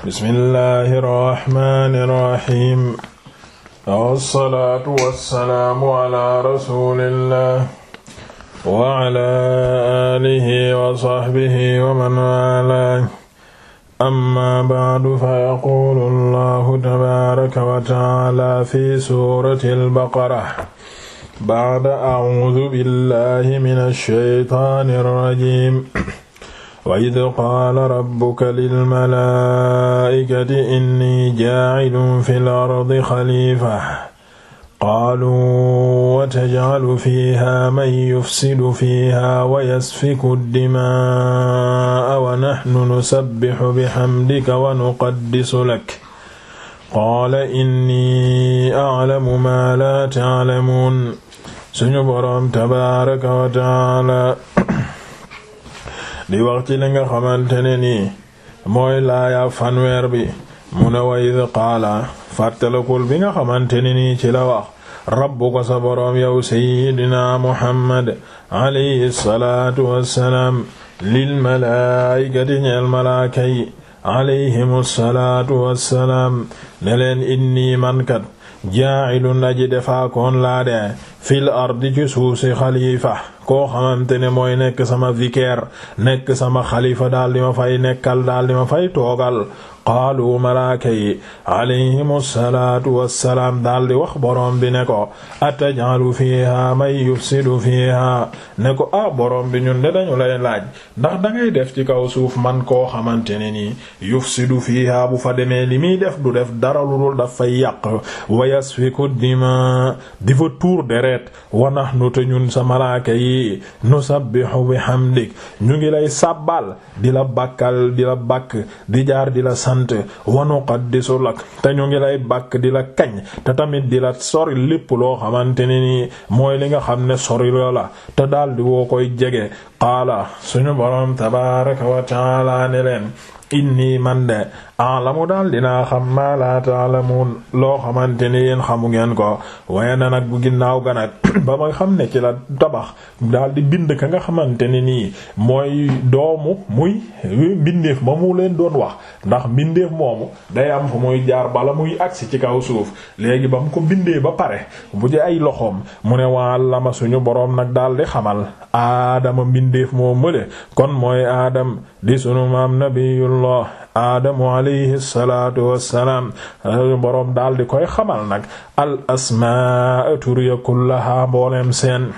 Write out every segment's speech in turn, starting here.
bismillahi rahmani rahim wassalaatu wassalaamu ala rasulillah wa ala alihi wa sahbihi wa man wala amma ba'du fa yaqulu allahu tabaraka wa taala fi surati al-baqara ba'da a'udhu billahi minash shaytanir rajim wa id qaala rabbuka lilmalaa'ikati inni jaa'ilun fil ardi xaliifa qaaluu wa tajcalu fiihaa man yufsidu fiihaa wa yasfiku dimaa wa naxnu nusabbixu bixamdika wa nuqaddisu lak qaala inni aclamu maa laa taclamuun suñu boroom tabaaraka wa tacaala di wax ci li nga xamante ne nii mooy laaya fanweer bi mu ne wa id qaala fàttalakul bi nga xamante ne nii ci la wax rabbuka sa boroom yow sayidina muhammad alayhi salaatu wassalaam lil malaayikati ñeel malaaka yi salaatu wassalaam ne leen inni mankat jaa'ilun aji defaakoon laa de fil ardi ci suuf si xalifa koo xamante ne mooy nekk sama vicaire nekk sama xalifa daal di ma fay nekkal daal di ma fay toogal qaalu malaaka yi alayhimu salaatu wassalaam daal di wax borom bi ne ko atajalu fiiha man yufsidu fiiha ne ko ah borom bi ñun de dañu lay laaj ndax dangay def ci kaw suuf man koo xamante ne nii yufsidu fiiha bu fa demee li muy def du def dara lu dul daf fay yàq wa yasfiku dima di fa tuur deret wa nahnu te ñun sa malaaka yi nusabbihu bihamdik ñu ngi lay sabbal di la bakkal di la bakk di jaar di la sant wa nuqaddisu lak te ñu ngi lay bàkk di la kañ te tamit di la sori lépp loo xamante ne nii mooy li nga xam ne sori la la te dal di woo koy jege qaala suñu borom tabaaraka wa taala ne leen inni man de alamu daal dinaa xam maa laa loo xamante ni yéen xamu ngeen ko waaye nag bu ginnaaw ga ba ma xam ne ci la tabax daal di bind ka nga xamante ne nii mooy doomu muy mbindeef ba mu leen doon wax ndax mbindeef moomu day am fu muy jaar bala muy agsi ci kaw suuf léegi ba mu ko bindee ba pare bu ci ay loxoom mu ne waa lama suñu boroom nag daal di xamal aadama mbindeef moo mële kon mooy aadam di sunu maam nabiyullah aadamu alayhi salaatu wassalaam boroom daal di koy xamal nag al asmaa tur ya kullaha mbooleem seen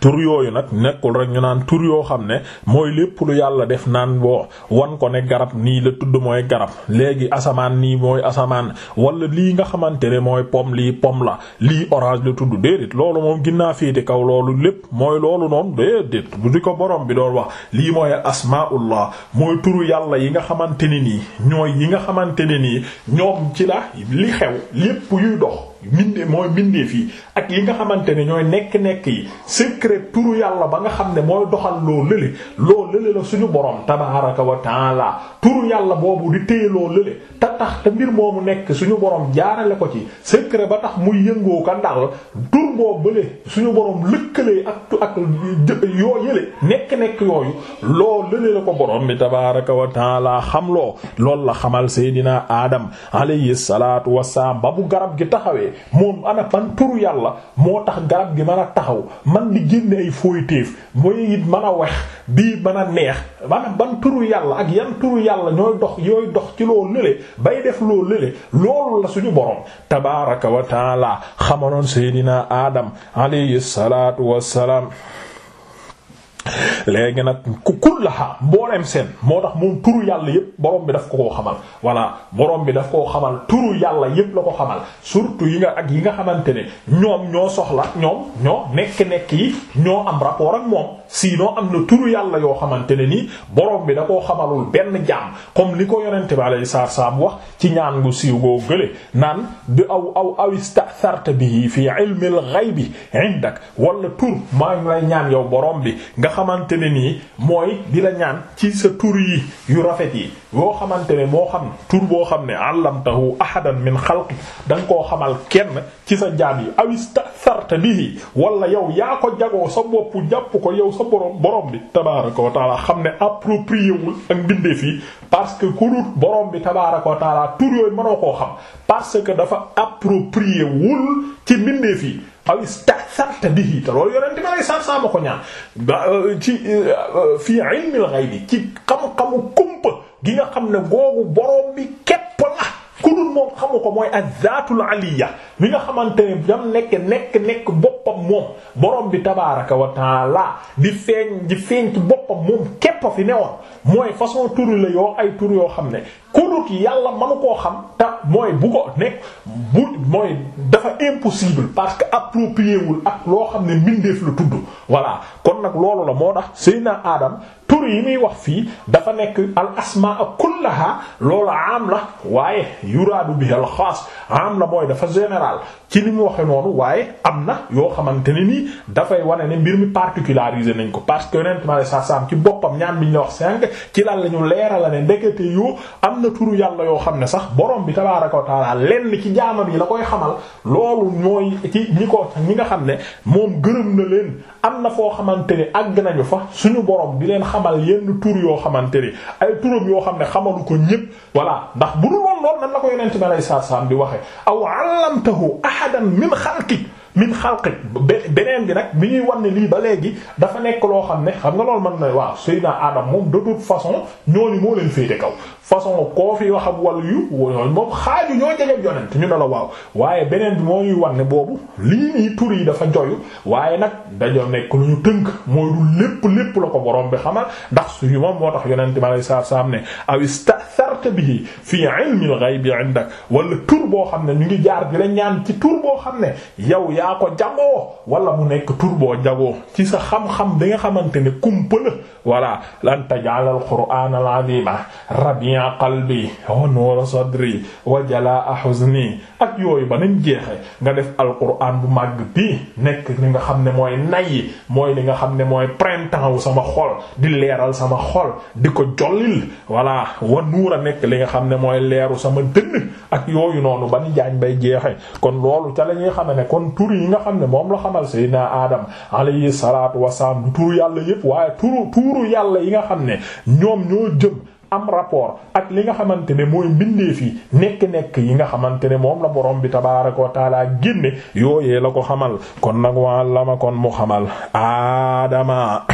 tur yooyu nag nekkul rek ñu naan tur yoo xam ne mooy lépp lu yàlla def naan boo wan ko ne garab nii la tudd mooy garab léegi asamaan nii mooy asamaan wala lii nga xamante ne mooy pomme lii pomme la lii orange la tudd déedéet loolu moom ginnaa féete kaw loolu lépp mooy loolu noonu déedéet bu di ko borom bi doon wax lii mooy asmaullah mooy turu yàlla yi nga xamante ne nii ñooy yi nga xamante ne nii ñoom ci la li xew lépp yuy dox mindee mooy mindee fii ak yi nga xamante ne ñooy nekk-nekk yi secret turu yàlla ba nga xam ne mooy doxal loo lële loo lële la suñu borom tabaraka wa taala turu yàlla boobu di téye loo lële te nekk suñu borom jaarale ko ci secret ba tax muy yëngoo ka ndal tur boo bële suñu borom lëkkalee ak ak yoo nekk-nekk yooyu loo lële la ko borom bi tabaraka wa taala xam loo loolu la xamal seydina Adam alayhi salaatu wassalaam ba bu garab gi taxawee moom ana ban turu yàlla moo tax garab gi man a taxaw man di génne ay fooyteef mooy it mën a wex bii mën a neex ana ban turu yàlla ak yan turu yàlla ñooy dox yooy dox ci loo lële bay def loo lële loolu la suñu borom tabaaraka wa taala xamanoon seydinaa adam alayhi salaatu salaam léegi nag ku boo mbooleem seen moo tax moom turu yàlla yépp borom bi daf ko koo xamal voilà borom bi daf koo xamal turu yàlla yépp la ko xamal surtout yi nga ak yi nga xamante ne ñoom ñoo soxla ñoom ñoo nekk-nekk yi ñoo am rapport ak moom noo am na turu yàlla yoo xamante ne nii borom bi da koo xamalul benn jaam comme li ko yonente bi alayhi salaatu salaam wax ci ñaan gu siiw goo gële naan bi aw aw aw istatharta bihi fi ilmil ghaybi tur maa ngi ñaan yow borom bi nga xamante ne nii mooy di la ñaan ci sa tur yi yu rafet yi yoo xamante ne moo xam tur boo xam ne allamtahu ahadan min xalqi da koo xamal kenn ci sa jaam yi awista sarta bihi wala yow yaa ko jagoo sa bopp jàpp ko yow sa borom borom bi tabaraka wa taala xam ne approprié wul ak mbindeef yi parce que ku dul borom bi tabaraka wa taala tur yooyu mënoo koo xam parce que dafa approprié wul ci mbindeef yi aw ista'tharta bihi te loolu yonente ma lay sar-saa ma ko ñaan euh, ci euh, fii ilmil ghaybi ci xam-xamu kumpa gi nga xam ne googu borom bi xamu ko mooy azzaatul aliya mi nga xamante ne dam nekk nekk nekk boppam moom borom bi tabaaraka wa taala di feeñ di feeñ ci boppam moom képp fi newoon mooy façon tur la yoo ay tur yoo xam ne ku dut yàlla manu koo xam ta mooy bu ko nekk bu mooy dafa impossible parce que approprié wul ak loo xam ne mbindeef la tudd voilà kon nag loolu la moo dax Seydina Adam tur yi muy wax fii dafa nekk al asmaa kullaha loolu am la waaye yuraadu biha al xaas am na mooy dafa général ci ni mu waxe noonu waaye am na yoo xamante ne nii dafay wane ne mbir mi particularisé nañ ko parce que honnêtement la sa sam ci boppam ñaan bi ñu wax cinq ci lan la ñu leera ne ndekete yu am na turu yàlla yoo xam ne sax boroom bi tabaaraka wa taala lenn ci jaamam yi la koy xamal loolu mooy ci ñi ko ñi nga xam ne moom gërëm na leen am na foo xamante ne àgg nañu fa suñu borom di leen xamal yenn tur yoo xamante ne ay yoo xam ne xamalu ko comme noonu nan la ko yonent bi alayhi salaam di waxee aw allamtahu ahadan min xalqik min xalqik beneen bi nag bi ñuy wan ne lii ba léegi dafa nekk loo xam ne xam nga loolu mën na waaw Seydina Adam moom de toute façon ñooñu moo leen féete kaw façon koo fi wax ak wàllu yu moom xaaju ñoo jege yonent ñu ne bi moo ñuy wan ne boobu lii nii yi dafa joyu waaye nag dañoo nekk lu tënk mooy lépp lépp la ko borom bi xamal ndax suñu moom moo tax yonent bi alayhi salaam ne aw istatharta bihi fii ilmil ghaybi indak wala tur boo xam ne ñu ngi jaar di la ñaan ci tur boo xam ne yow yaa yaa ko jagoo wala mu nekk tur boo jagoo ci sa xam-xam bi nga xamante ne kumpa la voilà lan taj'ala al-qur'ana al-azima rabi'a qalbi wa nuura sadri wa jalaa huzni ak yooyu ba nañ jeexe nga def alquran bu màgg bi nekk li nga xam ne mooy nay mooy li nga xam ne mooy printemps wu sama xol di leeral sama xol di ko jollil voilà wa nuura nekk li nga xam ne mooy leeru sama dënn ak yooyu noonu ba ni jaañ bay jeexe kon loolu ca la ñuy ne kon tur yi nga xam ne moom la xamal sayyidina Adam alayhi salaatu wasalaam du turu yàlla yépp waaye turu tuuru yàlla yi nga xam ne ñoom ñoo jëm am rapport ak li nga xamante ne mooy mbindeef yi nekk-nekk yi nga xamante ne moom la borom bi tabaaraka wa taala génne yooyee la ko xamal kon nag wàllama kon mu xamal aadama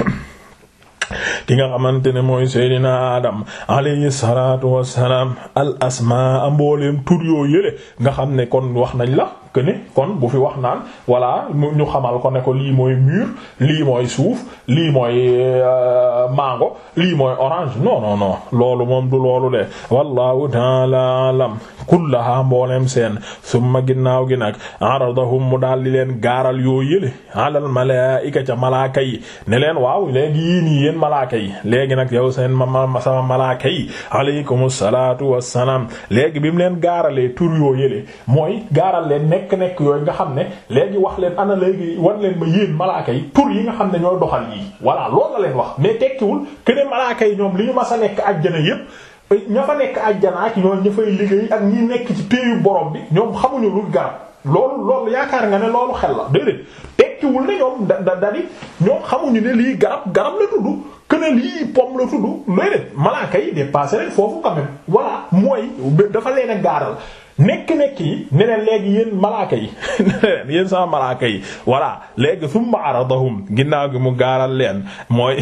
ki nga xamante ne mooy Seydina Adam alayhi salaatu wassalaam al asmaa mbooleem tur yoo yële nga xam ne kon wax nañ la que ne kon bu fi wax naan voilà ñu xamal ko ne ko lii mooy mur lii mooy suuf lii mooy euh, mango lii mooy orange non non loolu moom du loolu de wallahu taala alam kullaha mbooleem seen summa ginnaaw gi nag aradahum mu daal di leen gaaral yo yële alal malaika ca malaaka ne leen waaw léegi yéen yi yéen malaaka yi léegi nag yow seen ma sama malaaka yi aleykum salaatu wassalaam léegi bi mu leen gaaralee tur yoo yële mooy gaaral leen nekk nekk-nekk yooyu nga xam ne léegi wax leen ana léegi wan leen ma yéen malaaka yi pour yi nga xam ne ñoo doxal yii voilà loolu la mais tekkiwul que ne malaaka yi ñoom li ñu mas a nekk àjjana yépp ña fa nekk àjjana ak ñoom ña fay liggéey ak ñi nekk ci péeyu borom bi ñoom xamuñu lu garab loolu loolu yaakaar nga ne loolu xel la déedéet tekkiwul ne ñoom da da dadi ñoom xamuñu ne lii garab garab la tudd que ne lii pomme la tudd déedéet malaaka yi dépassé leen foofu quand même voilà mooy dafa leen a gaaral nekk-nekk yi ne leen léegi yéen malaaka yi yéen sama malaaka yi voilà léegi summa aradahum ginnaaw gi mu gaaral leen mooy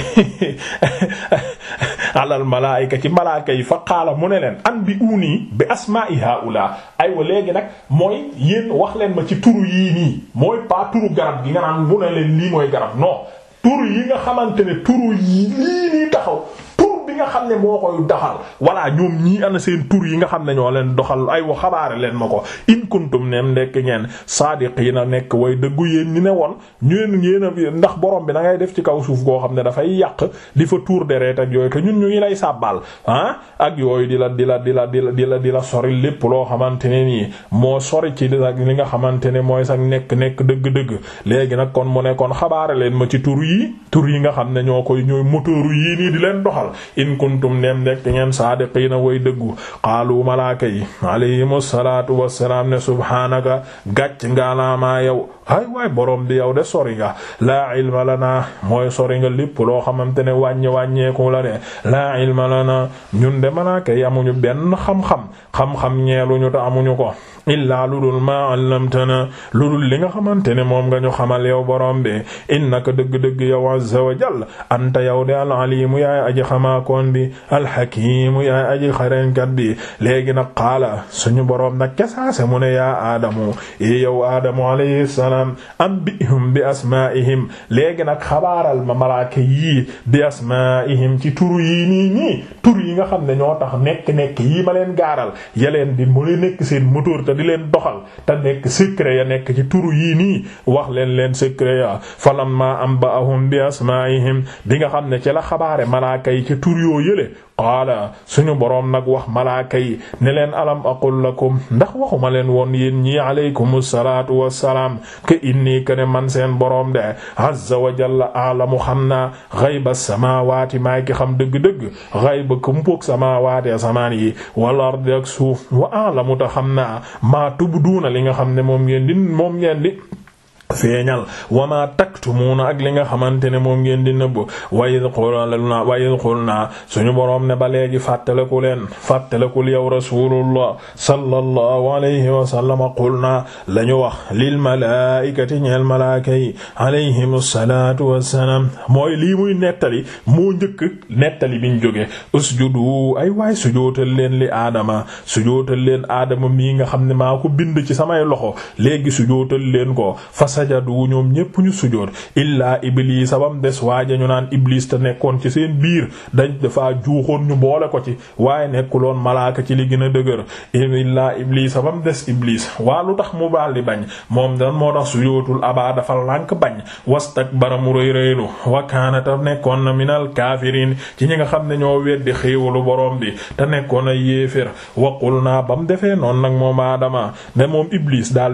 alal malaayika ci malaaka yi fa qaala mu ne leen an bi uunii bi asma'i haula aywa léegi nag mooy yéen wax leen ma ci turu yii nii mooy pas turu garab gi nga naan leen lii mooy garab noo turu yi nga xamante ne turu yii taxaw groupe bi nga xam ne moo koy doxal voilà ñoom ñii ana seen tur yi nga xam ne ñoo leen doxal ay wa xabaare leen ma ko in kuntum neem nekk ngeen saadiqiina nekk way dëggu yéen ñi ne woon ñeen yéen ndax borom bi da def ci kaw suuf koo xam ne dafay yàq di fa tuur deret ak yooyu que ñun ñu lay sàbbaal ah ak yooyu di la di la di la di la la di la sori lépp loo xamante ne nii moo sori ci ak li nga xamante ne mooy sax nekk nekk dëgg-dëgg léegi nag kon mu ne xabaare leen ma ci tur yi tur yi nga xam ne ñoo koy ñooy moteur yii nii di leen doxal in kuntum neem nekk ngeen saadiqiina way dëggu qaalu malaaka yi alayhimu salaatu ne subhaanaka gàcc nga yow ay waay borom bi yow de sori la laa ilma lana mooy sori nga lépp loo xamante ne wàññi wàññeeku la de laa ilma lana ñun de malaaka yi amuñu benn xam-xam xam-xam ñeeluñu te amuñu ko illaa lu dul maa allamtana lu dul li nga xamante ne moom nga ñu xamal yow be bi innaka dëgg-dëgg yow azza wa jall anta yow de al alimu yaay aji xamaakoon bi alxakimu yaay aji xarenkat bi léegi nag qaala suñu borom nag kesaase mu ne yaa aadamu yow aadamu alayhi salaam maanaam ambihum bi asmaihim léegi nag xabaaral ma malaaka yii bi asmaihim ci turu yii nii nii tur yi nga xam ne ñoo tax nekk-nekk yii ma leen gaaral ya leen di mu nekk seen moteur te di leen doxal te nekk secret ya nekk ci turu yii nii wax leen leen secret ya falamma ambahum bi asmaihim bi nga xam ne ci la xabaare malaaka yi ci tur yoo yële qaala suñu boroom nag wax malaa yi ne leen alam aqul lakum ndax waxuma leen woon yéen ñii aleykum salaatu wassalaam ke inni kene man seen boroom de azza wa jalla aalamu xam naa xayba samaawaati maay ki xam dëgg-dëgg xayba kumpuk samaawaati asamaan yi wal ardi ak suuf wa aalamu ta xam naa maa tubduuna li nga xam ne moom ngeen moom ngeen di feeñal wama taktumuuna ak li nga xamante ne moom ngeen di nëbb wayid qulna wayid qulna suñu boroom ne ba léegi fàttaleku leen fàttalekul yow rasulullah sallallahu alayhi wa sallam qulna la ñu wax lil malaikati ñeel malaaka alayhim salaatu wassalaam mooy lii muy nettali mu njëkk nettali biñ jóge usjudu ay waay sujootal leen li aadama sujootal leen aadama mii nga xam ne maa ko bind ci samay loxo léegi sujootal leen ko fasajadu ñoom ñépp ñu sujoot illaa ibliisa bam des waaja ñu naan iblis te nekkoon ci seen biir dañ dafaa juuxoon ñu boole ko ci waaye nekkuloon malaaka ci li gën a dëgër illaa ibliisa bam des iblis waa lu tax mu baal di bañ moom dan moo tax sujootul abaa dafa lànk bañ wastakbara mu rëy rëylu wa kaana te nekkoon na minal kaafiriin ci ñi nga xam ne ñoo weddi xéewalu boroom bi te nekkoon na yéefér waqul naa bam defee noon nag moom aadama ne moom iblis a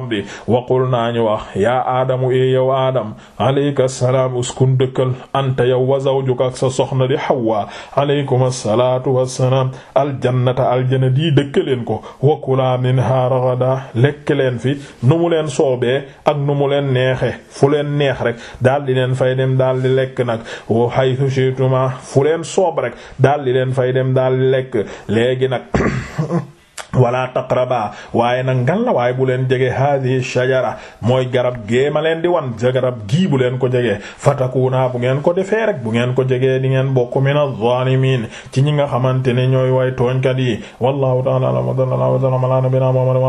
borom bi waqul naa ñu wax yaa aadamu e yow aadam alayka salaam uskun dëkkal anta yow wa zawjuka ak soxna di hawa alaykum assalaatu wassalaam aljannata aljana di dëkkaleen ko wa kulaa minhaa ragadaa lekk leen fi nu mu leen soobee ak nu mu leen neexe fu leen neex rek daal di leen fay dem daal di lekk nag wa haythu shi'tuma fu leen soob rek daal di leen fay dem daal di lekk léegi nag wala taqraba waaye nag ngan la waaye bu leen jege hadihi shajara mooy garab gee ma leen di wan garab gii bu leen ko jege fatakuna bu ngeen ko defee rek bu ngeen ko jegee di ngeen bokk min az-zalimin ci ñi nga xamante ne ñooy way tooñkat yi wallahu ta'ala a'lam wa sallallahu wa sallama ala nabina muhammad wa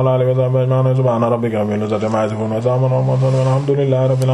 ala alihi wa